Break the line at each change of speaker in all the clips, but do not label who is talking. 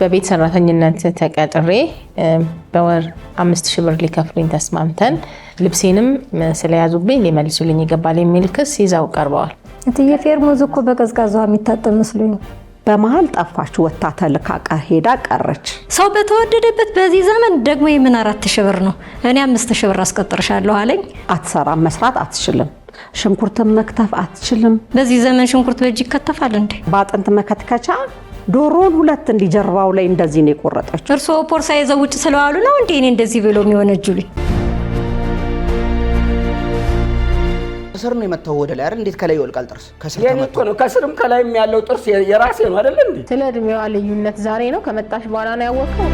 በቤት ሰራተኝነት ተቀጥሬ በወር አምስት ሺህ ብር ሊከፍሉኝ ተስማምተን ልብሴንም ስለያዙብኝ ሊመልሱልኝ ይገባል የሚል ክስ ይዘው ቀርበዋል።
እትዬ ፌርሙዝ እኮ በቀዝቃዛ የሚታጠብ መስሎኝ
በመሀል ጠፋች። ወታ ተልካ ሄዳ ቀረች።
ሰው በተወደደበት በዚህ ዘመን ደግሞ የምን አራት ሺህ ብር ነው? እኔ አምስት ሺህ ብር አስቀጥርሻለሁ አለኝ።
አትሰራም፣ መስራት አትችልም፣ ሽንኩርትን መክተፍ አትችልም።
በዚህ ዘመን ሽንኩርት በእጅ ይከተፋል እንዴ?
በአጥንት መከትከቻ ዶሮን ሁለት እንዲጀርባው ላይ እንደዚህ ነው የቆረጠችው።
እርስዎ ፖርሳ ይዘው ውጭ ስለዋሉ ነው እንዴ እኔ እንደዚህ ብሎ የሚሆነ የሚወነጅሉኝ?
ስር ነው የመታው ወደ ላይ አይደል? እንዴት ከላይ ይወልቃል ጥርስ? ከስር ተመቶ ነው። ከስርም ከላይም ያለው ጥርስ የራሴ ነው አይደል እንዴ?
ስለ እድሜዋ ልዩነት ዛሬ ነው ከመጣሽ በኋላ ነው ያወቀው።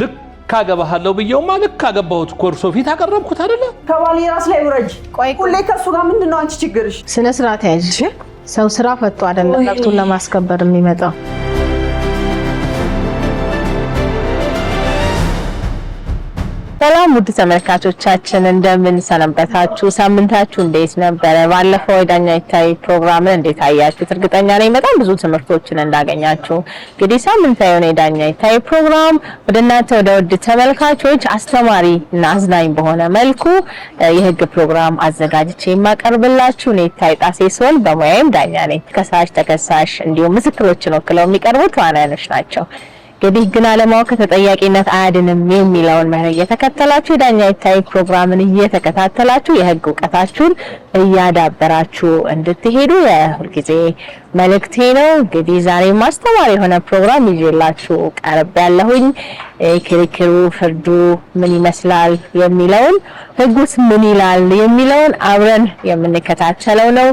ልክ ካገባሃለሁ ብየውማ ልክ አገባሁት። ኮርሶ ፊት አቀረብኩት አይደለ?
ከባል የራስ ላይ ውረጅ። ቆይ ሁሌ ከእሱ ጋር ምንድነው አንቺ ችግርሽ?
ስነ ስርዓት ያይሽ ሰው ስራ ፈቶ አይደለም መብቱን ለማስከበር የሚመጣው። ሰላም ውድ ተመልካቾቻችን እንደምን ሰነበታችሁ? ሳምንታችሁ እንዴት ነበረ? ባለፈው የዳኛ ይታይ ፕሮግራምን እንዴት አያችሁት? እርግጠኛ ነኝ በጣም ብዙ ትምህርቶችን እንዳገኛችሁ። እንግዲህ ሳምንታዊ የሆነ የዳኛ ይታይ ፕሮግራም ወደ እናንተ ወደ ውድ ተመልካቾች አስተማሪ እና አዝናኝ በሆነ መልኩ የህግ ፕሮግራም አዘጋጅቼ የማቀርብላችሁ እኔ ይታይ ጣሴ ሲሆን በሙያዬም ዳኛ ነኝ። ከሳሽ፣ ተከሳሽ እንዲሁም ምስክሮችን ወክለው የሚቀርቡት ተዋናዮች ናቸው። እንግዲህ ግን አለማወቅ ከተጠያቂነት አያድንም የሚለውን መርህ እየተከተላችሁ ዳኛ ይታይ ፕሮግራምን እየተከታተላችሁ የህግ እውቀታችሁን እያዳበራችሁ እንድትሄዱ የሁልጊዜ መልእክቴ ነው። እንግዲህ ዛሬ ማስተማር የሆነ ፕሮግራም ይዤላችሁ ቀርብ ያለሁኝ ክርክሩ፣ ፍርዱ ምን ይመስላል የሚለውን ህጉስ ምን ይላል የሚለውን አብረን የምንከታተለው ነው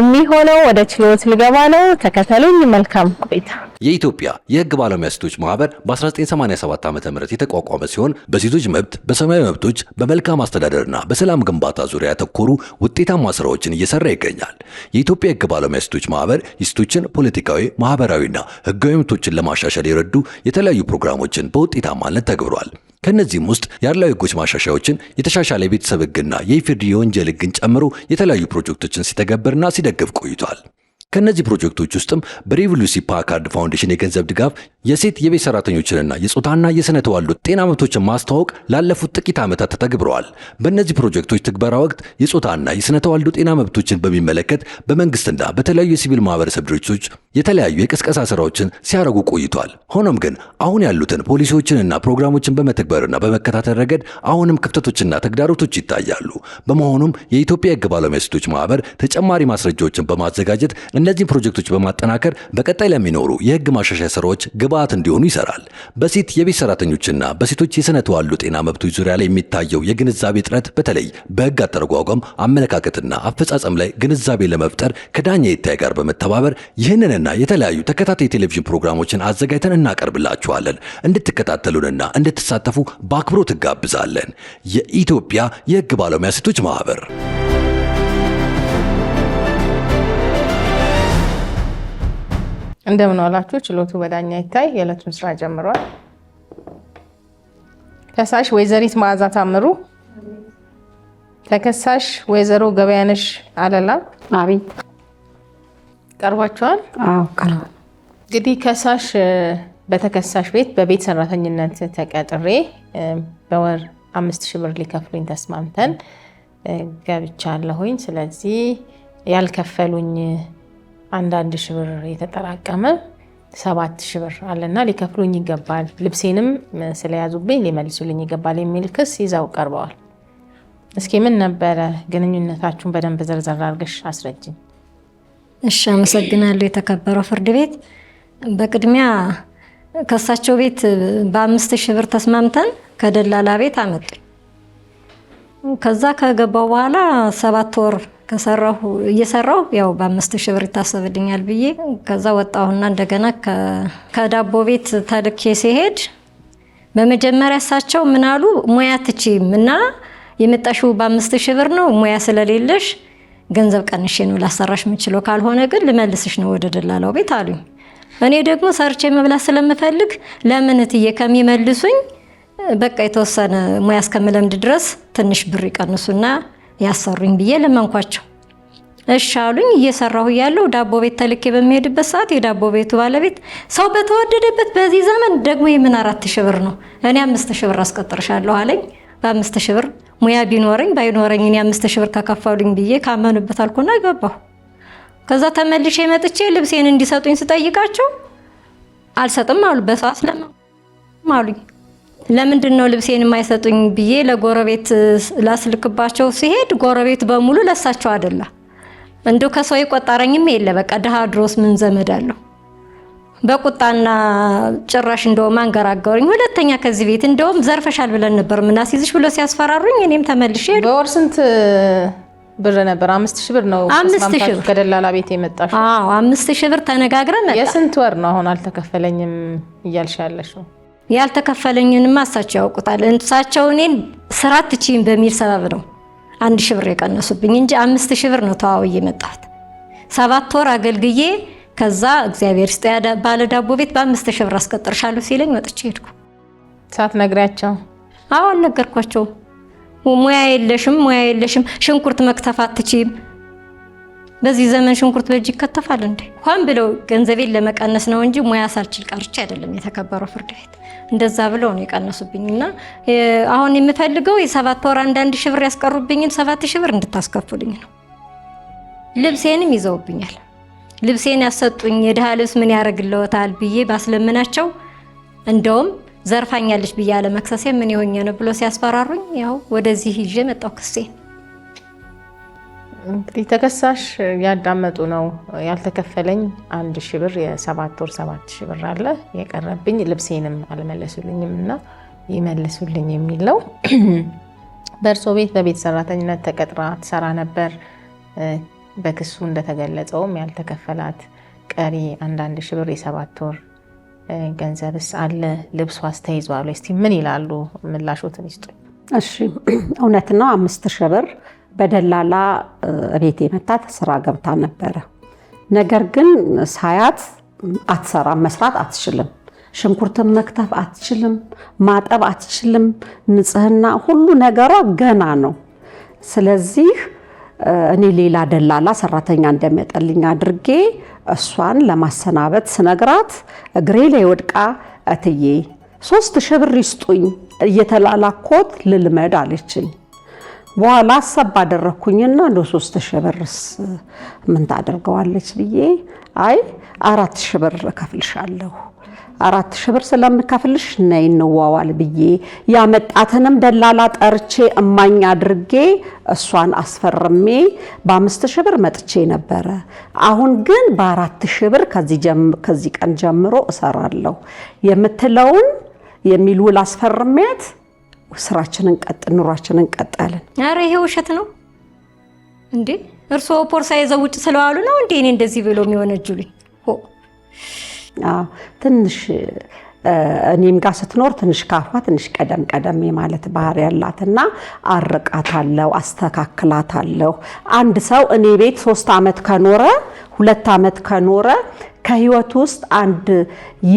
የሚሆነው። ወደ ችሎት ልገባ ነው። ተከተሉኝ። መልካም ቆይታ
የኢትዮጵያ የህግ ባለሙያ ሴቶች ማህበር በ1987 ዓ ም የተቋቋመ ሲሆን በሴቶች መብት፣ በሰብአዊ መብቶች፣ በመልካም አስተዳደርና በሰላም ግንባታ ዙሪያ ያተኮሩ ውጤታማ ስራዎችን እየሰራ ይገኛል። የኢትዮጵያ የህግ ባለሙያ ሴቶች ማህበር የሴቶችን ፖለቲካዊ፣ ማህበራዊና ህጋዊ መብቶችን ለማሻሻል የረዱ የተለያዩ ፕሮግራሞችን በውጤታማነት ተግብሯል። ከእነዚህም ውስጥ ያለው ህጎች ማሻሻያዎችን የተሻሻለ የቤተሰብ ህግና የኢፌዴሪ የወንጀል ህግን ጨምሮ የተለያዩ ፕሮጀክቶችን ሲተገብርና ሲደግፍ ቆይቷል። ከእነዚህ ፕሮጀክቶች ውስጥም በሬቮሉሲ ፓካርድ ፋውንዴሽን የገንዘብ ድጋፍ የሴት የቤት ሰራተኞችንና የጾታና የስነ ተዋልዶ ጤና መብቶችን ማስተዋወቅ ላለፉት ጥቂት ዓመታት ተተግብረዋል። በእነዚህ ፕሮጀክቶች ትግበራ ወቅት የጾታና የስነ ተዋልዶ ጤና መብቶችን በሚመለከት በመንግስትና በተለያዩ የሲቪል ማህበረሰብ ድርጅቶች የተለያዩ የቅስቀሳ ስራዎችን ሲያደርጉ ቆይቷል። ሆኖም ግን አሁን ያሉትን ፖሊሲዎችንና ፕሮግራሞችን በመተግበርና በመከታተል ረገድ አሁንም ክፍተቶችና ተግዳሮቶች ይታያሉ። በመሆኑም የኢትዮጵያ የህግ ባለሙያ ሴቶች ማህበር ተጨማሪ ማስረጃዎችን በማዘጋጀት እነዚህን ፕሮጀክቶች በማጠናከር በቀጣይ ለሚኖሩ የህግ ማሻሻያ ስራዎች ግባ ግብአት እንዲሆኑ ይሰራል። በሴት የቤት ሰራተኞችና በሴቶች የስነ ተዋሉ ጤና መብቶች ዙሪያ ላይ የሚታየው የግንዛቤ ጥረት በተለይ በህግ አተረጓጓም አመለካከትና አፈጻጸም ላይ ግንዛቤ ለመፍጠር ከዳኛ የታይ ጋር በመተባበር ይህንንና የተለያዩ ተከታታይ የቴሌቪዥን ፕሮግራሞችን አዘጋጅተን እናቀርብላችኋለን። እንድትከታተሉንና እንድትሳተፉ በአክብሮት እጋብዛለን። የኢትዮጵያ የህግ ባለሙያ ሴቶች ማህበር
እንደምን ዋላችሁ። ችሎቱ በዳኛ ይታይ የዕለቱን ስራ ጀምሯል። ከሳሽ ወይዘሪት መዓዛ ታምሩ፣ ተከሳሽ ወይዘሮ ገበያነሽ አለላ። አቤት። ቀርቧቸዋል። አዎ እንግዲህ ከሳሽ በተከሳሽ ቤት በቤት ሰራተኝነት ተቀጥሬ በወር አምስት ሺህ ብር ሊከፍሉኝ ተስማምተን ገብቻለሁኝ። ስለዚህ ያልከፈሉኝ አንዳንድ ሺህ ብር የተጠራቀመ ሰባት ሺህ ብር አለና ሊከፍሉኝ ይገባል፣ ልብሴንም ስለያዙብኝ ሊመልሱልኝ ይገባል የሚል ክስ ይዘው ቀርበዋል። እስኪ ምን ነበረ ግንኙነታችሁን? በደንብ ዘርዘር አድርገሽ አስረጅኝ።
እሺ፣ አመሰግናለሁ የተከበረው ፍርድ ቤት። በቅድሚያ ከእሳቸው ቤት በአምስት ሺህ ብር ተስማምተን ከደላላ ቤት አመጡኝ። ከዛ ከገባው በኋላ ሰባት ወር ከሰራሁ እየሰራሁ ያው በአምስት ሺህ ብር ይታሰብልኛል ብዬ ከዛ ወጣሁና እንደገና ከዳቦ ቤት ተልኬ ሲሄድ በመጀመሪያ እሳቸው ምናሉ ሙያ ትችም እና የመጣሽው በአምስት ሺህ ብር ነው ሙያ ስለሌለሽ ገንዘብ ቀንሼ ነው ላሰራሽ የምችለው፣ ካልሆነ ግን ልመልስሽ ነው ወደ ደላላው ቤት አሉኝ። እኔ ደግሞ ሰርቼ መብላት ስለምፈልግ ለምን እትዬ ከሚመልሱኝ በቃ የተወሰነ ሙያ እስከምለምድ ድረስ ትንሽ ብር ይቀንሱና ያሰሩኝ ብዬ ለመንኳቸው። እሺ አሉኝ። እየሰራሁ ያለው ዳቦ ቤት ተልኬ በሚሄድበት ሰዓት የዳቦ ቤቱ ባለቤት ሰው በተወደደበት በዚህ ዘመን ደግሞ የምን አራት ሺህ ብር ነው እኔ አምስት ሺህ ብር አስቀጥርሻለሁ አለኝ። በአምስት ሺህ ብር ሙያ ቢኖረኝ ባይኖረኝ እኔ አምስት ሺህ ብር ከከፈሉኝ ብዬ ካመኑበት አልኩና ገባሁ። ከዛ ተመልሼ መጥቼ ልብሴን እንዲሰጡኝ ስጠይቃቸው አልሰጥም አሉ። በሰዓት ለምን አሉኝ። ለምንድን ነው ልብሴን የማይሰጡኝ ብዬ ለጎረቤት ላስልክባቸው ሲሄድ ጎረቤት በሙሉ ለሳቸው አደላ እንዲሁ ከሰው የቆጠረኝም የለ በቃ ድሃ ድሮስ ምን ዘመድ አለው በቁጣና ጭራሽ እንደውም አንገራገሩኝ። ሁለተኛ ከዚህ ቤት እንደውም ዘርፈሻል ብለን ነበር ምናስይዝሽ ብሎ ሲያስፈራሩኝ እኔም ተመልሼ
በወር ስንት ብር ነበር? አምስት ሺህ ብር ነው።
አምስት ሺህ ብር
ከደላላ ቤት የመጣሽ?
አዎ አምስት ሺህ ብር ተነጋግረን መጣ።
የስንት ወር ነው አሁን አልተከፈለኝም እያልሽ
ያልተከፈለኝንማ እሳቸው ያውቁታል። እሳቸው እኔን ስራ አትችይም በሚል ሰበብ ነው አንድ ሺህ ብር የቀነሱብኝ እንጂ አምስት ሺህ ብር ነው ተዋውዬ የመጣት ሰባት ወር አገልግዬ ከዛ እግዚአብሔር ስጥ ባለ ዳቦ ቤት በአምስት ሺህ ብር አስቀጥርሻለሁ ሲለኝ ወጥቼ ሄድኩ። ነግሪያቸው? አዎ አልነገርኳቸው። ሙያ የለሽም ሙያ የለሽም ሽንኩርት መክተፍ አትችይም በዚህ ዘመን ሽንኩርት በእጅ ይከተፋል እንዴ? ሆን ብለው ገንዘቤን ለመቀነስ ነው እንጂ ሙያ ሳልችል ቀርቼ አይደለም። የተከበረው ፍርድ ቤት እንደዛ ብለው ነው የቀነሱብኝ እና አሁን የምፈልገው የሰባት ወር አንዳንድ ሺህ ብር ያስቀሩብኝን ሰባት ሺህ ብር እንድታስከፍሉኝ ነው። ልብሴንም ይዘውብኛል። ልብሴን ያሰጡኝ የድሃ ልብስ ምን ያደርግለወታል ብዬ ባስለምናቸው እንደውም ዘርፋኛለች ብዬ አለመክሰሴ ምን የሆኘ ነው ብሎ ሲያስፈራሩኝ ያው ወደዚህ ይዤ መጣው ክሴን
እንግዲህ ተከሳሽ ያዳመጡ ነው ያልተከፈለኝ አንድ ሺ ብር የሰባት ወር ሰባት ሺ ብር አለ የቀረብኝ ልብሴንም አልመለሱልኝም እና ይመልሱልኝ የሚል ነው። በእርሶ ቤት በቤት ሰራተኝነት ተቀጥራ ትሰራ ነበር። በክሱ እንደተገለጸውም ያልተከፈላት ቀሪ አንዳንድ ሺ ብር የሰባት ወር ገንዘብስ አለ፣ ልብሱ አስተይዟል። እስቲ ምን ይላሉ? ምላሾትን ይስጡ።
እሺ እውነት ነው አምስት ሺ ብር በደላላ ቤት የመታት ስራ ገብታ ነበረ። ነገር ግን ሳያት አትሰራም፣ መስራት አትችልም፣ ሽንኩርትን መክተፍ አትችልም፣ ማጠብ አትችልም፣ ንጽህና ሁሉ ነገሯ ገና ነው። ስለዚህ እኔ ሌላ ደላላ ሰራተኛ እንደሚያጠልኝ አድርጌ እሷን ለማሰናበት ስነግራት እግሬ ላይ ወድቃ እትዬ ሶስት ሺህ ብር ይስጡኝ እየተላላኮት ልልመድ አለችኝ። በኋላ ሀሳብ ባደረግኩኝና እንደ ሶስት ሺህ ብርስ ምን ታደርገዋለች ብዬ አይ አራት ሺህ ብር እከፍልሻለሁ አራት ሺህ ብር ስለምከፍልሽ ነይ እንዋዋል ብዬ ያመጣትንም ደላላ ጠርቼ እማኝ አድርጌ እሷን አስፈርሜ በአምስት ሺህ ብር መጥቼ ነበረ። አሁን ግን በአራት ሺህ ብር ከዚህ ቀን ጀምሮ እሰራለሁ የምትለውን የሚል ውል አስፈርሜያት ስራችንን ቀጥ ኑሯችንን ቀጣለን።
አረ ይሄ ውሸት ነው እንዴ? እርስዎ ፖርሳ ይዘው ውጭ ስለዋሉ ነው እንዴ እኔ እንደዚህ ብሎ የሚወነጅሉኝ?
ትንሽ እኔም ጋር ስትኖር ትንሽ ካፏ ትንሽ ቀደም ቀደም ማለት ባህሪ ያላትና አርቃታለሁ፣ አስተካክላታለሁ። አንድ ሰው እኔ ቤት ሶስት ዓመት ከኖረ ሁለት ዓመት ከኖረ ከህይወቱ ውስጥ አንድ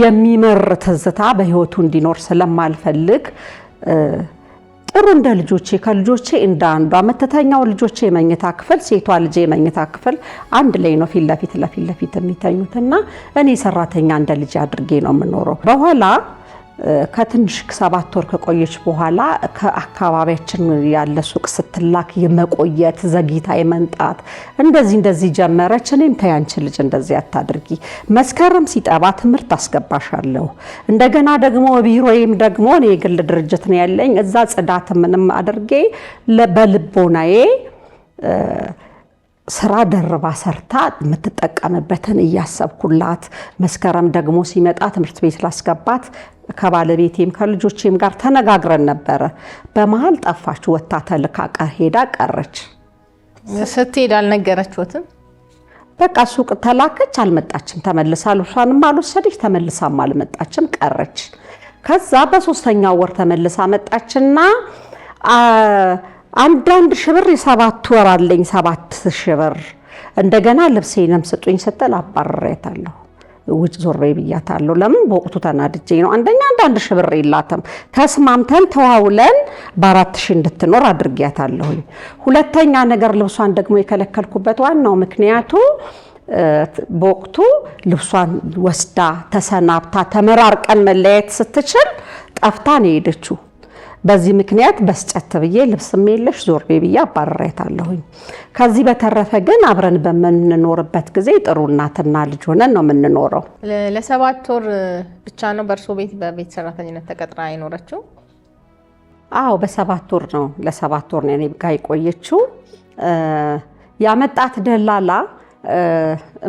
የሚመር ትዝታ በህይወቱ እንዲኖር ስለማልፈልግ ጥሩ እንደ ልጆቼ ከልጆቼ እንደ አንዷ መተተኛው ልጆቼ የመኝታ ክፍል ሴቷ ልጄ የመኝታ ክፍል አንድ ላይ ነው ፊት ለፊት ለፊት ለፊት የሚተኙትና እኔ ሰራተኛ እንደ ልጅ አድርጌ ነው የምኖረው። በኋላ ከትንሽ ሰባት ወር ከቆየች በኋላ ከአካባቢያችን ያለ ሱቅ ስትላክ የመቆየት ዘግይታ የመምጣት እንደዚህ እንደዚህ ጀመረች። እኔም ተይ ልጅ እንደዚህ አታድርጊ፣ መስከረም ሲጠባ ትምህርት አስገባሻለሁ። እንደገና ደግሞ ቢሮዬም ደግሞ እኔ የግል ድርጅት ነው ያለኝ እዛ ጽዳት ምንም አድርጌ በልቦናዬ ስራ ደርባ ሰርታ የምትጠቀምበትን እያሰብኩላት መስከረም ደግሞ ሲመጣ ትምህርት ቤት ላስገባት ከባለቤቴም ከልጆቼም ጋር ተነጋግረን ነበረ። በመሀል ጠፋች፣ ወታ ተልካ ሄዳ ቀረች።
ስትሄድ አልነገረችትም።
በቃ ሱቅ ተላከች፣ አልመጣችም። ተመልሳ ልብሷንም አልወሰደች፣ ተመልሳም አልመጣችም፣ ቀረች። ከዛ በሶስተኛው ወር ተመልሳ መጣችና አንዳንድ ሽብር የሰባት ወር አለኝ ሰባት ሽብር እንደገና ልብሴንም ስጡኝ ስትል አባረሬታለሁ። ውጭ ዞር በይ ብያታለሁ። ለምን በወቅቱ ተናድጄ ነው። አንደኛ አንዳንድ ሽብር የላትም ተስማምተን ተዋውለን በአራት ሺ እንድትኖር አድርጊያታለሁኝ። ሁለተኛ ነገር ልብሷን ደግሞ የከለከልኩበት ዋናው ምክንያቱ በወቅቱ ልብሷን ወስዳ ተሰናብታ ተመራርቀን መለያየት ስትችል ጠፍታ ነው የሄደችው። በዚህ ምክንያት በስጨት ብዬ ልብስም የለሽ ዞር በይ ብዬ አባረሬታለሁኝ። ከዚህ በተረፈ ግን አብረን በምንኖርበት ጊዜ ጥሩ እናትና ልጅ ሆነን ነው የምንኖረው።
ለሰባት ወር ብቻ ነው በእርሶ ቤት በቤት ሰራተኝነት ተቀጥራ አይኖረችው?
አዎ በሰባት ወር ነው ለሰባት ወር ነው እኔ ጋ የቆየችው። ያመጣት ደላላ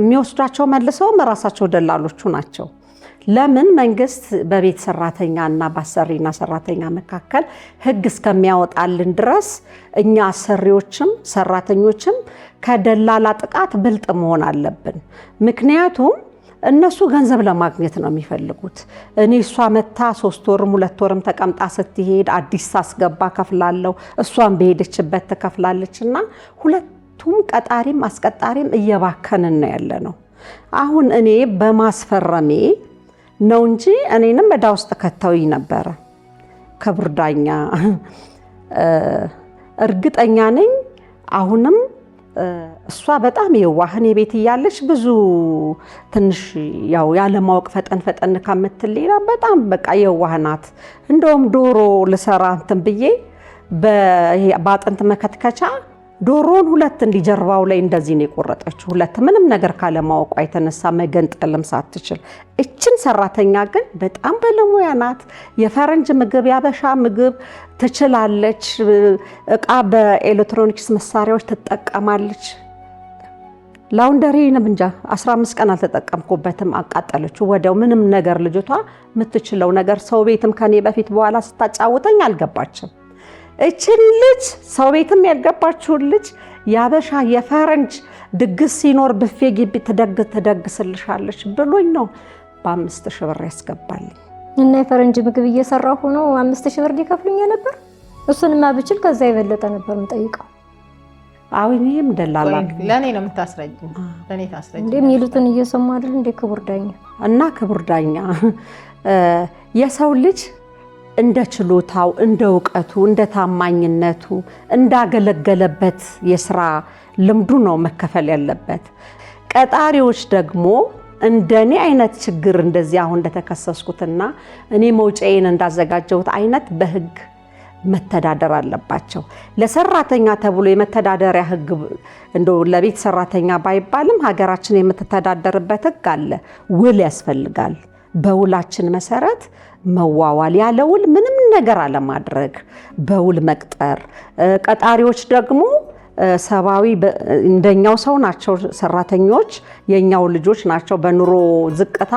የሚወስዷቸው መልሰውም ራሳቸው ደላሎቹ ናቸው። ለምን መንግስት በቤት ሰራተኛና በአሰሪና ሰራተኛ መካከል ህግ እስከሚያወጣልን ድረስ እኛ አሰሪዎችም ሰራተኞችም ከደላላ ጥቃት ብልጥ መሆን አለብን። ምክንያቱም እነሱ ገንዘብ ለማግኘት ነው የሚፈልጉት። እኔ እሷ መታ ሶስት ወርም ሁለት ወርም ተቀምጣ ስትሄድ አዲስ አስገባ ከፍላለሁ፣ እሷን በሄደችበት ትከፍላለች እና ሁለቱም ቀጣሪም አስቀጣሪም እየባከንን ነው ያለ ነው። አሁን እኔ በማስፈረሜ ነው እንጂ እኔንም ዕዳ ውስጥ ከተውኝ ነበረ። ክቡር ዳኛ እርግጠኛ ነኝ አሁንም እሷ በጣም የዋህኔ ቤት እያለች ብዙ ትንሽ ያው ያለማወቅ ፈጠን ፈጠን ከምትል ሌላ በጣም በቃ የዋህ ናት። እንደውም ዶሮ ልሰራ እንትን ብዬ በአጥንት መከትከቻ ዶሮን ሁለት እንዲህ ጀርባው ላይ እንደዚህ ነው የቆረጠችው። ሁለት ምንም ነገር ካለማወቋ የተነሳ መገንጠልም ሳትችል። እችን ሰራተኛ ግን በጣም ባለሙያ ናት። የፈረንጅ ምግብ፣ ያበሻ ምግብ ትችላለች። እቃ በኤሌክትሮኒክስ መሳሪያዎች ትጠቀማለች። ላውንደሪንም እንጃ 15 ቀን አልተጠቀምኩበትም፣ አቃጠለችው ወዲያው። ምንም ነገር ልጅቷ የምትችለው ነገር ሰው ቤትም ከኔ በፊት በኋላ ስታጫውተኝ አልገባችም። እችን ልጅ ሰው ቤትም ያልገባችውን ልጅ ያበሻ የፈረንጅ ድግስ ሲኖር ብፌ ግቢ ትደግ ትደግስልሻለች ብሎኝ ነው በአምስት ሺህ ብር ያስገባልኝ
እና የፈረንጅ ምግብ እየሰራሁ ሆኖ አምስት ሺህ ብር ሊከፍሉኝ ነበር። እሱንማ ብችል ከዛ የበለጠ ነበር የምጠይቀው።
አዎ እኔም ደላላ
ለእኔ ነው የምታስረጅ
የሚሉትን እየሰማ አይደል እንደ ክቡር ዳኛ
እና ክቡር ዳኛ የሰው ልጅ እንደ ችሎታው፣ እንደ እውቀቱ፣ እንደ ታማኝነቱ እንዳገለገለበት የስራ ልምዱ ነው መከፈል ያለበት። ቀጣሪዎች ደግሞ እንደኔ አይነት ችግር እንደዚህ አሁን እንደተከሰስኩትና እኔ መውጫዬን እንዳዘጋጀሁት አይነት በህግ መተዳደር አለባቸው። ለሰራተኛ ተብሎ የመተዳደሪያ ህግ እንደ ለቤት ሰራተኛ ባይባልም ሀገራችን የምትተዳደርበት ህግ አለ። ውል ያስፈልጋል። በውላችን መሰረት መዋዋል ያለ ውል ምንም ነገር አለማድረግ በውል መቅጠር፣ ቀጣሪዎች ደግሞ ሰብአዊ እንደኛው ሰው ናቸው። ሰራተኞች የኛው ልጆች ናቸው። በኑሮ ዝቅታ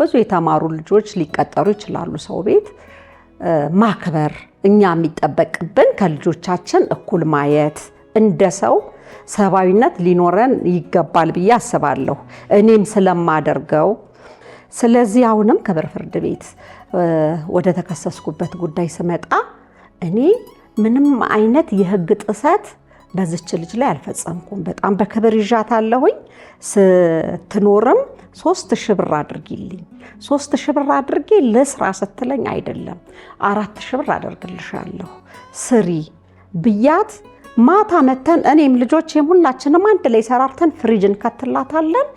ብዙ የተማሩ ልጆች ሊቀጠሩ ይችላሉ። ሰው ቤት ማክበር፣ እኛ የሚጠበቅብን ከልጆቻችን እኩል ማየት እንደ ሰው ሰብአዊነት ሊኖረን ይገባል ብዬ አስባለሁ። እኔም ስለማደርገው ስለዚህ አሁንም ክብር ፍርድ ቤት ወደ ተከሰስኩበት ጉዳይ ስመጣ እኔ ምንም አይነት የህግ ጥሰት በዝች ልጅ ላይ አልፈጸምኩም። በጣም በክብር አለሁኝ ስትኖርም ሶስት ሺህ ብር አድርጊልኝ፣ ሶስት ሺህ ብር አድርጌ ለስራ ስትለኝ አይደለም አራት ሺህ ብር አደርግልሻለሁ ስሪ ብያት ማታ መተን እኔም ልጆቼም ሁላችንም አንድ ላይ ሰራርተን ፍሪጅ እንከትላታለን።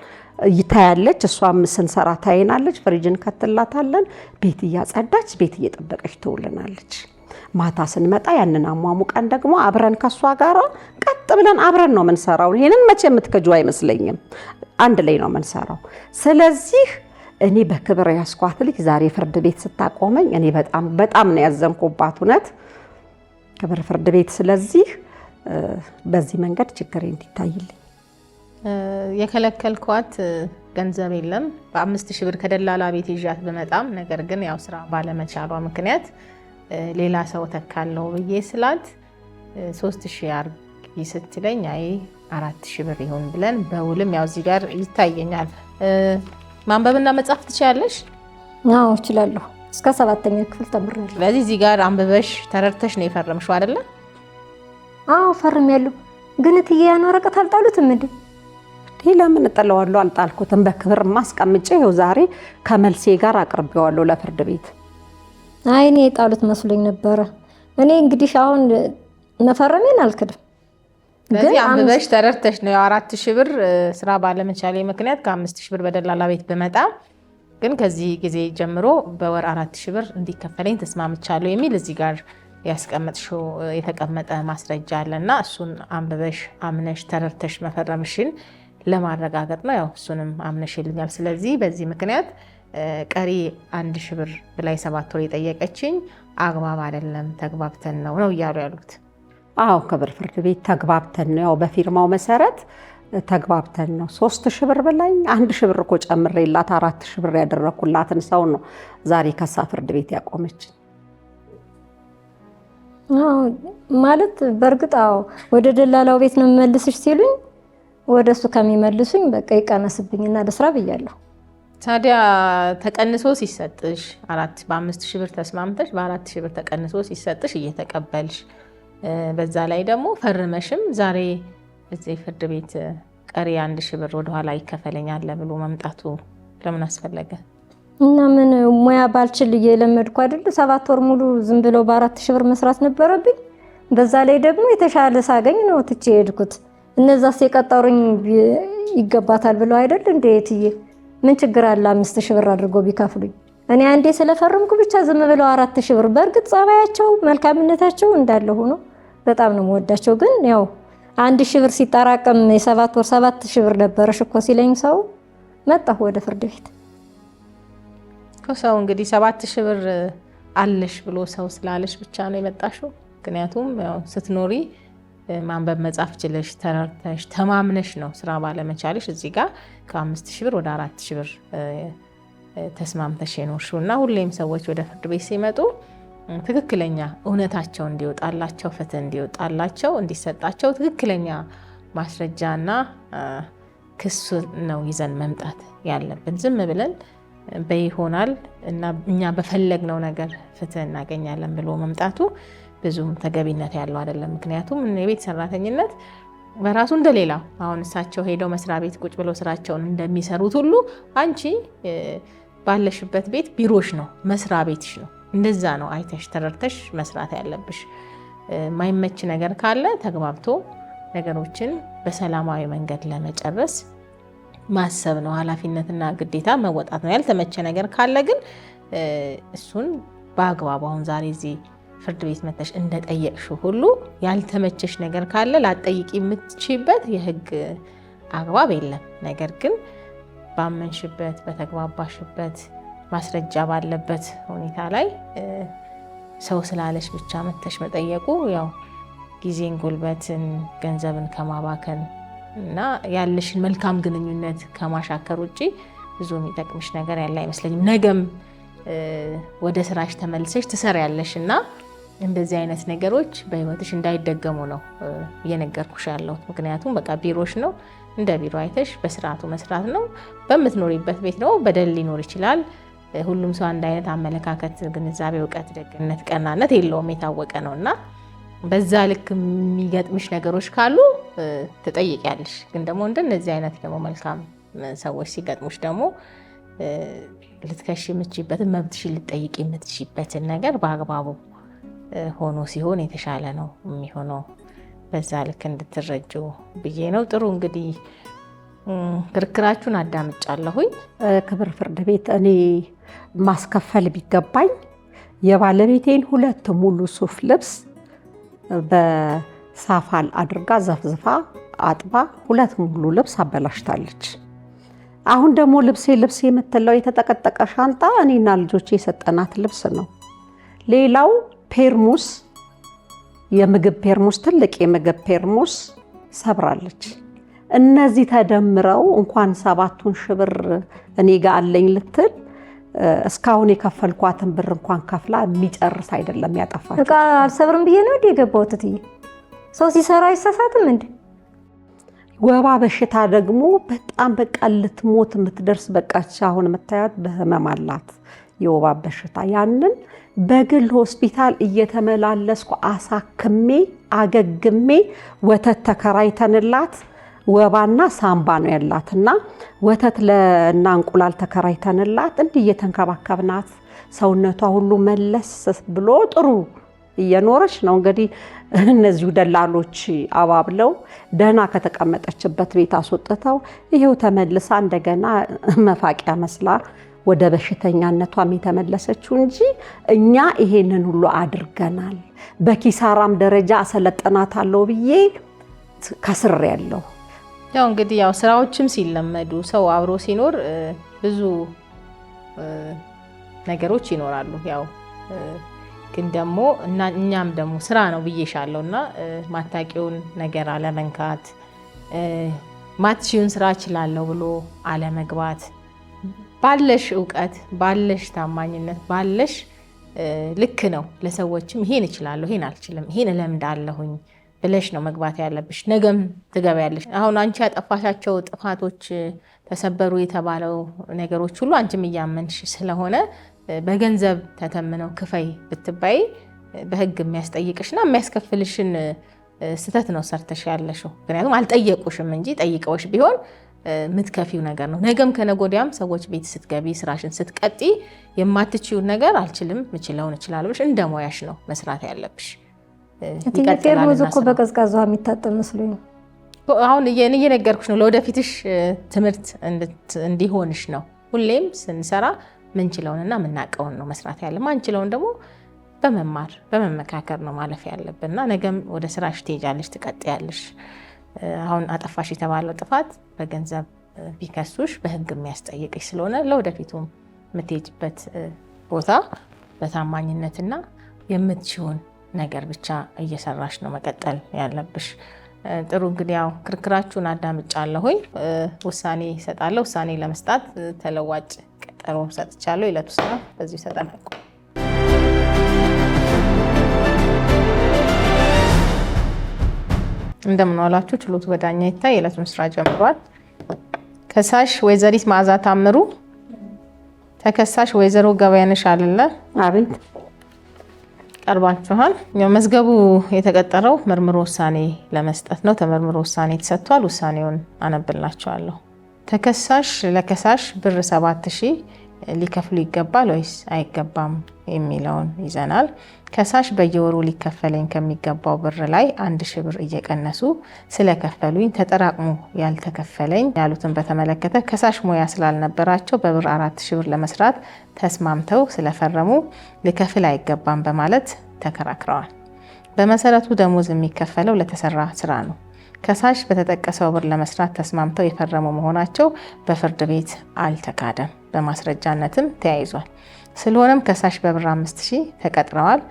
ይታያለች። እሷም ስንሰራ ታይናለች። ፍሪጅን ከትላታለን። ቤት እያጸዳች ቤት እየጠበቀች ትውልናለች። ማታ ስንመጣ ያንን አሟሙቀን ደግሞ አብረን ከእሷ ጋር ቀጥ ብለን አብረን ነው የምንሰራው። ይህንን መቼ የምትከጁ አይመስለኝም። አንድ ላይ ነው የምንሰራው። ስለዚህ እኔ በክብር ያስኳት ልጅ ዛሬ ፍርድ ቤት ስታቆመኝ እኔ በጣም በጣም ነው ያዘንኩባት። እውነት ክብር ፍርድ ቤት። ስለዚህ በዚህ መንገድ ችግር እንዲታይልኝ
የከለከልኳት ገንዘብ የለም። በአምስት ሺህ ብር ከደላላ ቤት ይዣት በመጣም ነገር ግን ያው ስራ ባለመቻሏ ምክንያት ሌላ ሰው ተካለው ብዬ ስላት ሶስት ሺህ አርጊ ስትለኝ አይ አራት ሺህ ብር ይሁን ብለን በውልም ያው እዚህ ጋር ይታየኛል። ማንበብና መጻፍ ትችያለሽ?
አዎ እችላለሁ። እስከ ሰባተኛ ክፍል ተምሬያለሁ።
ስለዚህ እዚህ ጋር አንብበሽ ተረድተሽ ነው የፈረምሽው አይደለ?
አዎ ፈርሜያለሁ። ግን እትዬ ያን ወረቀት አልጣሉትም እንዴ?
ለምን እጥለዋለሁ? አልጣልኩትም። በክብር ማስቀምጬ ይኸው ዛሬ ከመልሴ ጋር አቅርቤዋለሁ ለፍርድ ቤት።
አይ እኔ የጣሉት መስሎኝ ነበረ። እኔ እንግዲህ አሁን መፈረሜን አልክድም።
በዚህ አምበሽ ተረድተሽ ነው። የአራት ሺህ ብር ስራ ባለመቻሌ ምክንያት ከአምስት ሺህ ብር በደላላ ቤት ብመጣ ግን ከዚህ ጊዜ ጀምሮ በወር አራት ሺህ ብር እንዲከፈለኝ ተስማምቻለሁ የሚል እዚህ ጋር ያስቀመጥሽው የተቀመጠ ማስረጃ አለ እና እሱን አንብበሽ አምነሽ ተረድተሽ መፈረምሽን ለማረጋገጥ ነው። ያው እሱንም አምነሽልኛል። ስለዚህ በዚህ ምክንያት ቀሪ አንድ ሺህ ብር ብላይ ሰባት ወር የጠየቀችኝ አግባብ አይደለም፣ ተግባብተን ነው ነው እያሉ ያሉት።
አዎ ክብር ፍርድ ቤት ተግባብተን ነው፣ ያው በፊርማው መሰረት ተግባብተን ነው። ሶስት ሺህ ብር ብላኝ አንድ ሺህ ብር እኮ ጨምሬላት አራት ሺህ ብር ያደረኩላትን ሰው ነው ዛሬ ከሳ ፍርድ ቤት ያቆመች
ማለት በእርግጥ ወደ ደላላው ቤት ነው የምመልስሽ ሲሉኝ ወደ እሱ ከሚመልሱኝ በቃ ይቀነስብኝና ለስራ ብያለሁ።
ታዲያ ተቀንሶ ሲሰጥሽ አራት በአምስት ሺህ ብር ተስማምተሽ በአራት ሺህ ብር ተቀንሶ ሲሰጥሽ እየተቀበልሽ በዛ ላይ ደግሞ ፈርመሽም ዛሬ እዚህ ፍርድ ቤት ቀሪ አንድ ሺህ ብር ወደኋላ ይከፈለኛል ብሎ መምጣቱ ለምን አስፈለገ?
እና ምን ሙያ ባልችል እየለመድኩ አይደል? ሰባት ወር ሙሉ ዝም ብለው በአራት ሺህ ብር መስራት ነበረብኝ። በዛ ላይ ደግሞ የተሻለ ሳገኝ ነው ትቼ የሄድኩት። እነዛስ የቀጠሩኝ ይገባታል ብለው አይደል እንዴ? እትዬ ምን ችግር አለ? አምስት ሺህ ብር አድርጎ ቢከፍሉኝ እኔ አንዴ ስለፈርምኩ ብቻ ዝም ብለው አራት ሺህ ብር። በእርግጥ ጸባያቸው፣ መልካምነታቸው እንዳለ ሆኖ በጣም ነው መወዳቸው። ግን ያው አንድ ሺህ ብር ሲጠራቅም የሰባት ወር ሰባት ሺህ ብር ነበረሽ እኮ ሲለኝ ሰው መጣሁ ወደ ፍርድ ቤት
ሰው እንግዲህ ሰባት ሺህ ብር አለሽ ብሎ ሰው ስላለሽ ብቻ ነው የመጣሽው። ምክንያቱም ያው ስትኖሪ ማንበብ መጻፍ ችለሽ ተረድተሽ ተማምነሽ ነው ስራ ባለመቻልሽ እዚህ ጋር ከአምስት ሺህ ብር ወደ አራት ሺህ ብር ተስማምተሽ የኖርሽው እና ሁሌም ሰዎች ወደ ፍርድ ቤት ሲመጡ ትክክለኛ እውነታቸው እንዲወጣላቸው ፍትህ እንዲወጣላቸው እንዲሰጣቸው ትክክለኛ ማስረጃና ክሱ ነው ይዘን መምጣት ያለብን። ዝም ብለን በይሆናል እና እኛ በፈለግነው ነገር ፍትህ እናገኛለን ብሎ መምጣቱ ብዙም ተገቢነት ያለው አይደለም። ምክንያቱም የቤት ሰራተኝነት በራሱ እንደሌላ አሁን እሳቸው ሄደው መስሪያ ቤት ቁጭ ብለው ስራቸውን እንደሚሰሩት ሁሉ አንቺ ባለሽበት ቤት ቢሮሽ ነው፣ መስሪያ ቤትሽ ነው። እንደዛ ነው አይተሽ ተረድተሽ መስራት ያለብሽ። የማይመች ነገር ካለ ተግባብቶ ነገሮችን በሰላማዊ መንገድ ለመጨረስ ማሰብ ነው፣ ኃላፊነትና ግዴታ መወጣት ነው። ያልተመቸ ነገር ካለ ግን እሱን በአግባቡ አሁን ዛሬ እዚህ ፍርድ ቤት መተሽ እንደጠየቅሽ ሁሉ ያልተመቸሽ ነገር ካለ ላጠይቅ የምትችበት የህግ አግባብ የለም። ነገር ግን ባመንሽበት፣ በተግባባሽበት፣ ማስረጃ ባለበት ሁኔታ ላይ ሰው ስላለሽ ብቻ መተሽ መጠየቁ ያው ጊዜን፣ ጉልበትን፣ ገንዘብን ከማባከን እና ያለሽን መልካም ግንኙነት ከማሻከር ውጭ ብዙ የሚጠቅምሽ ነገር ያለ አይመስለኝም። ነገም ወደ ስራሽ ተመልሰሽ ትሰሪያለሽ እና እንደዚህ አይነት ነገሮች በህይወትሽ እንዳይደገሙ ነው እየነገርኩሽ ያለሁት። ምክንያቱም በቃ ቢሮሽ ነው እንደ ቢሮ አይተሽ በስርዓቱ መስራት ነው። በምትኖሪበት ቤት ነው በደል ሊኖር ይችላል። ሁሉም ሰው አንድ አይነት አመለካከት፣ ግንዛቤ፣ እውቀት፣ ደግነት፣ ቀናነት የለውም የታወቀ ነው እና በዛ ልክ የሚገጥምሽ ነገሮች ካሉ ትጠይቂያለሽ። ግን ደግሞ እንደነዚህ አይነት ደግሞ መልካም ሰዎች ሲገጥሙሽ ደግሞ ልትከሽ የምትችይበትን መብትሽን ልጠይቅ የምትችይበትን ነገር በአግባቡ ሆኖ ሲሆን የተሻለ ነው የሚሆነው። በዛ ልክ እንድትረጁ ብዬ ነው። ጥሩ እንግዲህ ክርክራችሁን አዳምጫለሁኝ።
ክብር ፍርድ ቤት እኔ ማስከፈል ቢገባኝ የባለቤቴን ሁለት ሙሉ ሱፍ ልብስ በሳፋል አድርጋ ዘፍዝፋ አጥባ ሁለት ሙሉ ልብስ አበላሽታለች። አሁን ደግሞ ልብሴ ልብሴ የምትለው የተጠቀጠቀ ሻንጣ እኔና ልጆቼ የሰጠናት ልብስ ነው። ሌላው ፔርሙስ የምግብ ፔርሙስ ትልቅ የምግብ ፔርሙስ ሰብራለች። እነዚህ ተደምረው እንኳን ሰባቱን ሺህ ብር እኔ ጋ አለኝ ልትል እስካሁን የከፈልኳትን ብር እንኳን ከፍላ የሚጨርስ አይደለም ያጠፋ።
እቃ አልሰብርም ብዬ ነው እንዲ የገባሁት። ሰው ሲሰራ አይሳሳትም እንዴ?
ወባ በሽታ ደግሞ በጣም በቃ ልትሞት የምትደርስ በቃ አሁን የምታያት በህመም አላት የወባ በሽታ ያንን በግል ሆስፒታል እየተመላለስኩ አሳክሜ አገግሜ ወተት ተከራይተንላት ወባና ሳምባ ነው ያላትና ወተት ለና እንቁላል ተከራይተንላት እንዲህ እየተንከባከብናት ሰውነቷ ሁሉ መለስ ብሎ ጥሩ እየኖረች ነው። እንግዲህ እነዚሁ ደላሎች አባብለው ደህና ከተቀመጠችበት ቤት አስወጥተው ይሄው ተመልሳ እንደገና መፋቂያ መስላ ወደ በሽተኛነቷም የተመለሰችው እንጂ እኛ ይሄንን ሁሉ አድርገናል፣ በኪሳራም ደረጃ አሰለጥናታለሁ ብዬ ከስር ያለው
ያው እንግዲህ ያው ስራዎችም ሲለመዱ ሰው አብሮ ሲኖር ብዙ ነገሮች ይኖራሉ። ያው ግን ደግሞ እኛም ደግሞ ስራ ነው ብዬሻለሁ እና ማታቂውን ነገር አለመንካት፣ ማትሽውን ስራ እችላለሁ ብሎ አለመግባት ባለሽ እውቀት፣ ባለሽ ታማኝነት፣ ባለሽ ልክ ነው። ለሰዎችም ይሄን እችላለሁ፣ ይሄን አልችልም፣ ይሄን እለምዳለሁኝ ብለሽ ነው መግባት ያለብሽ። ነገም ትገቢያለሽ። አሁን አንቺ ያጠፋሻቸው ጥፋቶች ተሰበሩ የተባለው ነገሮች ሁሉ አንቺም እያመንሽ ስለሆነ በገንዘብ ተተምነው ክፈይ ብትባይ በህግ የሚያስጠይቅሽና የሚያስከፍልሽን ስህተት ነው ሰርተሽ ያለሽው። ምክንያቱም አልጠየቁሽም እንጂ ጠይቀውሽ ቢሆን የምትከፊው ነገር ነው። ነገም ከነጎዲያም ሰዎች ቤት ስትገቢ ስራሽን ስትቀጢ የማትችውን ነገር አልችልም ምችለውን እችላለሁ ብለሽ እንደ ሞያሽ ነው መስራት ያለብሽ።
ሩዝ እኮ በቀዝቃዛ ውሃ የሚታጠብ መስሎኝ ነው።
አሁን እየነገርኩሽ ነው፣ ለወደፊትሽ ትምህርት እንዲሆንሽ ነው። ሁሌም ስንሰራ ምንችለውንና ምናቀውን ነው መስራት ያለ ማንችለውን ደግሞ በመማር በመመካከር ነው ማለፍ ያለብንና ነገም ወደ ስራሽ ትሄጃለሽ፣ ትቀጥያለሽ። አሁን አጠፋሽ የተባለው ጥፋት በገንዘብ ቢከሱሽ በህግ የሚያስጠይቅሽ ስለሆነ ለወደፊቱም የምትሄጅበት ቦታ በታማኝነትና የምትችውን ነገር ብቻ እየሰራሽ ነው መቀጠል ያለብሽ። ጥሩ እንግዲህ ያው ክርክራችሁን አዳምጫለሁኝ። ውሳኔ ይሰጣለሁ። ውሳኔ ለመስጣት ተለዋጭ ቀጠሮ ሰጥቻለሁ። ይለቱ ስራ በዚሁ ይሰጠናል። እንደምን ችሎቱ በዳኛ ይታይ የዕለቱን ስራ ጀምሯል። ከሳሽ ወይዘሪት መዓዛ ታምሩ፣ ተከሳሽ ወይዘሮ ገበያነሽ አለለ። አቤት። ቀርባችኋል። መዝገቡ የተቀጠረው ምርምር ውሳኔ ለመስጠት ነው። ተመርምሮ ውሳኔ ተሰጥቷል። ውሳኔውን አነብላችኋለሁ። ተከሳሽ ለከሳሽ ብር ሺህ ሊከፍሉ ይገባል ወይስ አይገባም የሚለውን ይዘናል። ከሳሽ በየወሩ ሊከፈለኝ ከሚገባው ብር ላይ አንድ ሺ ብር እየቀነሱ ስለከፈሉኝ ተጠራቅሞ ያልተከፈለኝ ያሉትን በተመለከተ ከሳሽ ሙያ ስላልነበራቸው በብር አራት ሺ ብር ለመስራት ተስማምተው ስለፈረሙ ልከፍል አይገባም በማለት ተከራክረዋል። በመሰረቱ ደሞዝ የሚከፈለው ለተሰራ ስራ ነው። ከሳሽ በተጠቀሰው ብር ለመስራት ተስማምተው የፈረሙ መሆናቸው በፍርድ ቤት አልተካደም፣ በማስረጃነትም ተያይዟል። ስለሆነም ከሳሽ በብር 5000 ተቀጥረዋል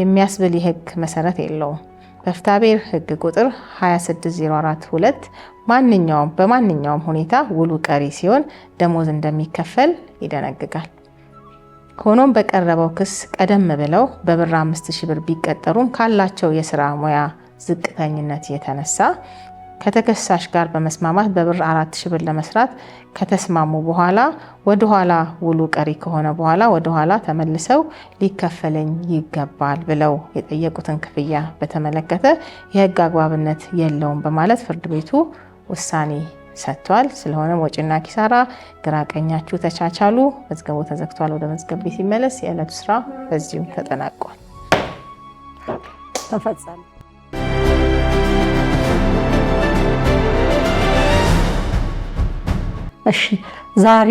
የሚያስብል የህግ መሰረት የለውም። በፍታቤር ህግ ቁጥር 26042 ማንኛውም በማንኛውም ሁኔታ ውሉ ቀሪ ሲሆን ደሞዝ እንደሚከፈል ይደነግጋል። ሆኖም በቀረበው ክስ ቀደም ብለው በብር 5000 ብር ቢቀጠሩም ካላቸው የስራ ሙያ ዝቅተኝነት የተነሳ ከተከሳሽ ጋር በመስማማት በብር አራት ሺ ብር ለመስራት ከተስማሙ በኋላ ወደኋላ ውሉ ቀሪ ከሆነ በኋላ ወደኋላ ተመልሰው ሊከፈለኝ ይገባል ብለው የጠየቁትን ክፍያ በተመለከተ የህግ አግባብነት የለውም በማለት ፍርድ ቤቱ ውሳኔ ሰጥቷል። ስለሆነ ወጪና ኪሳራ ግራቀኛችሁ ተቻቻሉ። መዝገቡ ተዘግቷል። ወደ መዝገብ ቤት ሲመለስ የዕለቱ ስራ በዚሁ ተጠናቋል። ተፈጸመ።
እሺ ዛሬ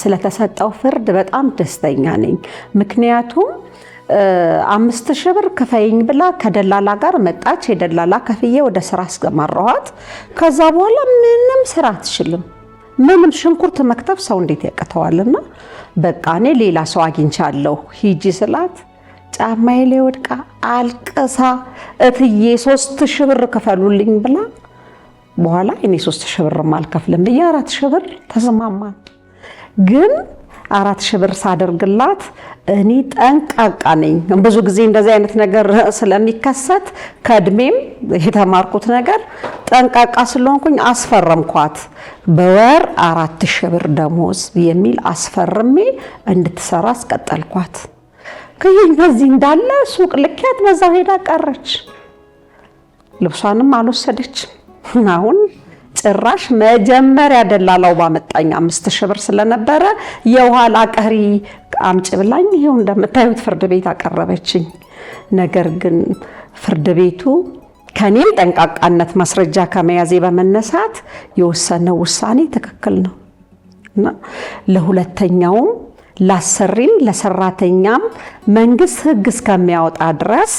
ስለተሰጠው ፍርድ በጣም ደስተኛ ነኝ። ምክንያቱም አምስት ሺህ ብር ክፈይኝ ብላ ከደላላ ጋር መጣች። የደላላ ከፍዬ ወደ ስራ አስገማራኋት። ከዛ በኋላ ምንም ስራ አትችልም። ምንም ሽንኩርት መክተፍ ሰው እንዴት ያቅተዋልና በቃ እኔ ሌላ ሰው አግኝቻለሁ ሂጂ ስላት ጫማዬ ላይ ወድቃ አልቅሳ እትዬ ሶስት ሺህ ብር ክፈሉልኝ ብላ በኋላ እኔ ሶስት ሺህ ብርም አልከፍልም ብዬ አራት ሺህ ብር ተስማማን። ግን አራት ሺህ ብር ሳደርግላት እኔ ጠንቃቃ ነኝ። ብዙ ጊዜ እንደዚህ አይነት ነገር ስለሚከሰት ከእድሜም የተማርኩት ነገር ጠንቃቃ ስለሆንኩኝ አስፈረምኳት። በወር አራት ሺህ ብር ደሞዝ የሚል አስፈርሜ እንድትሰራ አስቀጠልኳት። ከይህ በዚህ እንዳለ ሱቅ ልኪያት በዛ ሄዳ ቀረች። ልብሷንም አልወሰደች። አሁን ጭራሽ መጀመሪያ ደላላው ባመጣኝ አምስት ሺህ ብር ስለነበረ የኋላ ቀሪ አምጭ ብላኝ ይኸው እንደምታዩት ፍርድ ቤት አቀረበችኝ። ነገር ግን ፍርድ ቤቱ ከኔም ጠንቃቃነት ማስረጃ ከመያዜ በመነሳት የወሰነው ውሳኔ ትክክል ነው እና ለሁለተኛውም ላሰሪም ለሰራተኛም መንግስት ህግ እስከሚያወጣ ድረስ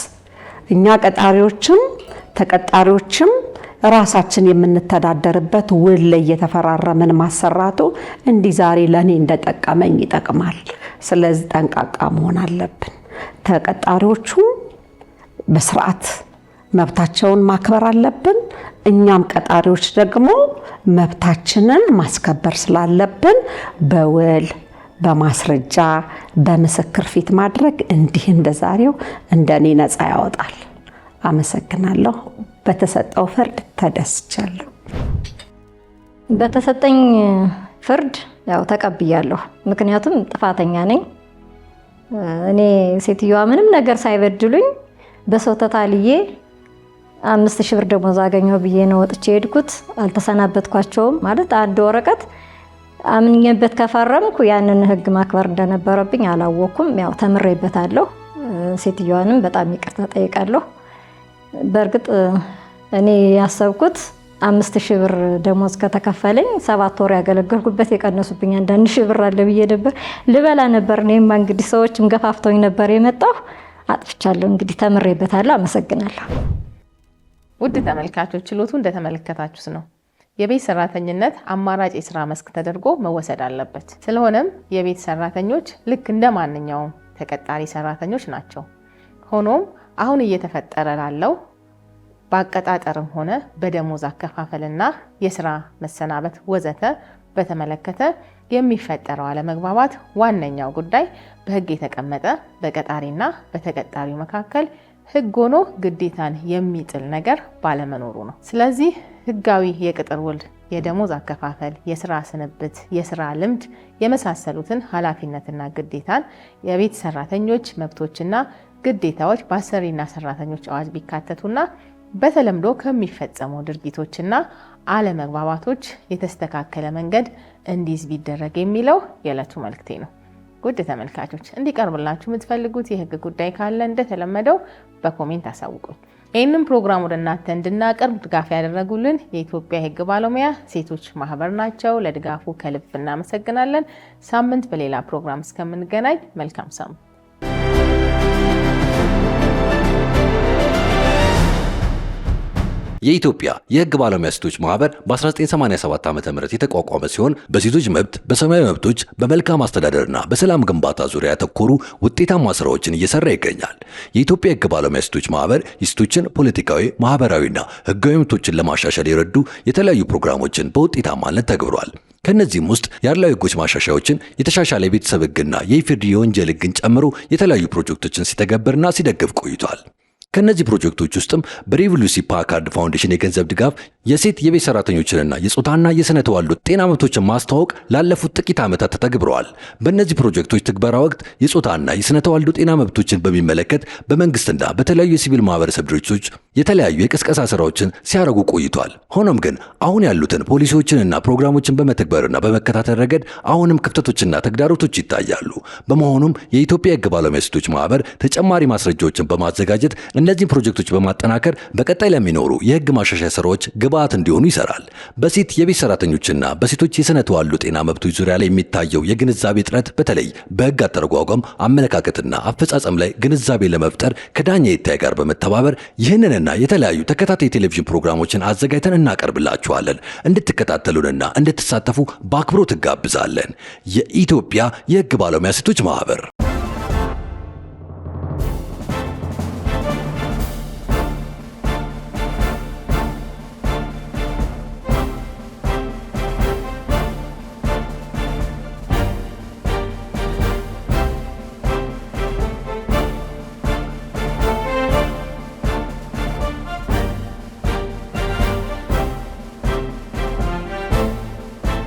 እኛ ቀጣሪዎችም ተቀጣሪዎችም ራሳችን የምንተዳደርበት ውል ላይ የተፈራረምን ማሰራቱ እንዲህ ዛሬ ለእኔ እንደጠቀመኝ ይጠቅማል። ስለዚህ ጠንቃቃ መሆን አለብን። ተቀጣሪዎቹ በስርዓት መብታቸውን ማክበር አለብን። እኛም ቀጣሪዎች ደግሞ መብታችንን ማስከበር ስላለብን በውል በማስረጃ በምስክር ፊት ማድረግ እንዲህ እንደ ዛሬው እንደኔ ነፃ ያወጣል። አመሰግናለሁ። በተሰጠው ፍርድ ተደስቻለሁ።
በተሰጠኝ ፍርድ ያው ተቀብያለሁ። ምክንያቱም ጥፋተኛ ነኝ። እኔ ሴትዮዋ ምንም ነገር ሳይበድሉኝ በሰው ተታልዬ አምስት ሺህ ብር ደሞዝ አገኘሁ ብዬ ነው ወጥቼ የሄድኩት። አልተሰናበትኳቸውም ማለት አንድ ወረቀት አምኜበት ከፈረምኩ ያንን ህግ ማክበር እንደነበረብኝ አላወኩም። ያው ተምሬበታለሁ። ሴትዮዋንም በጣም ይቅርታ ጠይቃለሁ። በእርግጥ እኔ ያሰብኩት አምስት ሺህ ብር ደሞዝ ከተከፈለኝ ሰባት ወር ያገለገልኩበት የቀነሱብኝ አንዳንድ ሺህ ብር አለ ብዬ ነበር ልበላ ነበር። እኔማ እንግዲህ ሰዎችም ገፋፍተውኝ ነበር የመጣሁ። አጥፍቻለሁ እንግዲህ ተምሬበታለሁ። አመሰግናለሁ።
ውድ ተመልካቾች ችሎቱ እንደተመለከታችሁት ነው። የቤት ሰራተኝነት አማራጭ የስራ መስክ ተደርጎ መወሰድ አለበት። ስለሆነም የቤት ሰራተኞች ልክ እንደ ማንኛውም ተቀጣሪ ሰራተኞች ናቸው። ሆኖም አሁን እየተፈጠረ ላለው በአቀጣጠርም ሆነ በደሞዝ አከፋፈልና የስራ መሰናበት ወዘተ በተመለከተ የሚፈጠረው አለመግባባት ዋነኛው ጉዳይ በህግ የተቀመጠ በቀጣሪና በተቀጣሪው መካከል ህግ ሆኖ ግዴታን የሚጥል ነገር ባለመኖሩ ነው። ስለዚህ ህጋዊ የቅጥር ውል፣ የደሞዝ አከፋፈል፣ የስራ ስንብት፣ የስራ ልምድ የመሳሰሉትን ኃላፊነትና ግዴታን የቤት ሰራተኞች መብቶችና ግዴታዎች በአሰሪና ሰራተኞች አዋጅ ቢካተቱና በተለምዶ ከሚፈጸሙ ድርጊቶችና አለመግባባቶች የተስተካከለ መንገድ እንዲይዝ ቢደረግ የሚለው የዕለቱ መልክቴ ነው። ውድ ተመልካቾች እንዲቀርብላችሁ የምትፈልጉት የህግ ጉዳይ ካለ እንደተለመደው በኮሜንት አሳውቁኝ። ይህንም ፕሮግራም ወደ እናንተ እንድናቀርብ ድጋፍ ያደረጉልን የኢትዮጵያ የህግ ባለሙያ ሴቶች ማህበር ናቸው። ለድጋፉ ከልብ እናመሰግናለን። ሳምንት በሌላ ፕሮግራም እስከምንገናኝ መልካም ሳምንት
የኢትዮጵያ የህግ ባለሙያ ሴቶች ማህበር በ1987 ዓ ም የተቋቋመ ሲሆን በሴቶች መብት፣ በሰብአዊ መብቶች፣ በመልካም አስተዳደርና በሰላም ግንባታ ዙሪያ ያተኮሩ ውጤታማ ስራዎችን እየሰራ ይገኛል። የኢትዮጵያ የህግ ባለሙያ ሴቶች ማህበር የሴቶችን ፖለቲካዊ፣ ማህበራዊና ህጋዊ መብቶችን ለማሻሻል የረዱ የተለያዩ ፕሮግራሞችን በውጤታማነት ተግብሯል። ከእነዚህም ውስጥ ያለው ህጎች ማሻሻያዎችን የተሻሻለ የቤተሰብ ህግና የኢፌዴሪ የወንጀል ህግን ጨምሮ የተለያዩ ፕሮጀክቶችን ሲተገብርና ሲደግፍ ቆይቷል። ከእነዚህ ፕሮጀክቶች ውስጥም በሬቮሉሲ ፓካርድ ፋውንዴሽን የገንዘብ ድጋፍ የሴት የቤት ሰራተኞችንና የጾታና የስነ ተዋልዶ ጤና መብቶችን ማስተዋወቅ ላለፉት ጥቂት ዓመታት ተተግብረዋል። በእነዚህ ፕሮጀክቶች ትግበራ ወቅት የጾታና የስነ ተዋልዶ ጤና መብቶችን በሚመለከት በመንግስትና በተለያዩ የሲቪል ማህበረሰብ ድርጅቶች የተለያዩ የቅስቀሳ ስራዎችን ሲያደርጉ ቆይቷል። ሆኖም ግን አሁን ያሉትን ፖሊሲዎችንና ፕሮግራሞችን በመተግበርና በመከታተል ረገድ አሁንም ክፍተቶችና ተግዳሮቶች ይታያሉ። በመሆኑም የኢትዮጵያ የህግ ባለሙያ ሴቶች ማህበር ተጨማሪ ማስረጃዎችን በማዘጋጀት እነዚህን ፕሮጀክቶች በማጠናከር በቀጣይ ለሚኖሩ የህግ ማሻሻያ ስራዎች ግብአት እንዲሆኑ ይሰራል። በሴት የቤት ሰራተኞችና በሴቶች የስነ ተዋልዶ ጤና መብቶች ዙሪያ ላይ የሚታየው የግንዛቤ ጥረት በተለይ በህግ አተረጓጓም አመለካከትና አፈጻጸም ላይ ግንዛቤ ለመፍጠር ከዳኛ የታይ ጋር በመተባበር ይህንን እና የተለያዩ ተከታታይ የቴሌቪዥን ፕሮግራሞችን አዘጋጅተን እናቀርብላችኋለን። እንድትከታተሉንና እንድትሳተፉ በአክብሮት እጋብዛለን። የኢትዮጵያ የሕግ ባለሙያ ሴቶች ማህበር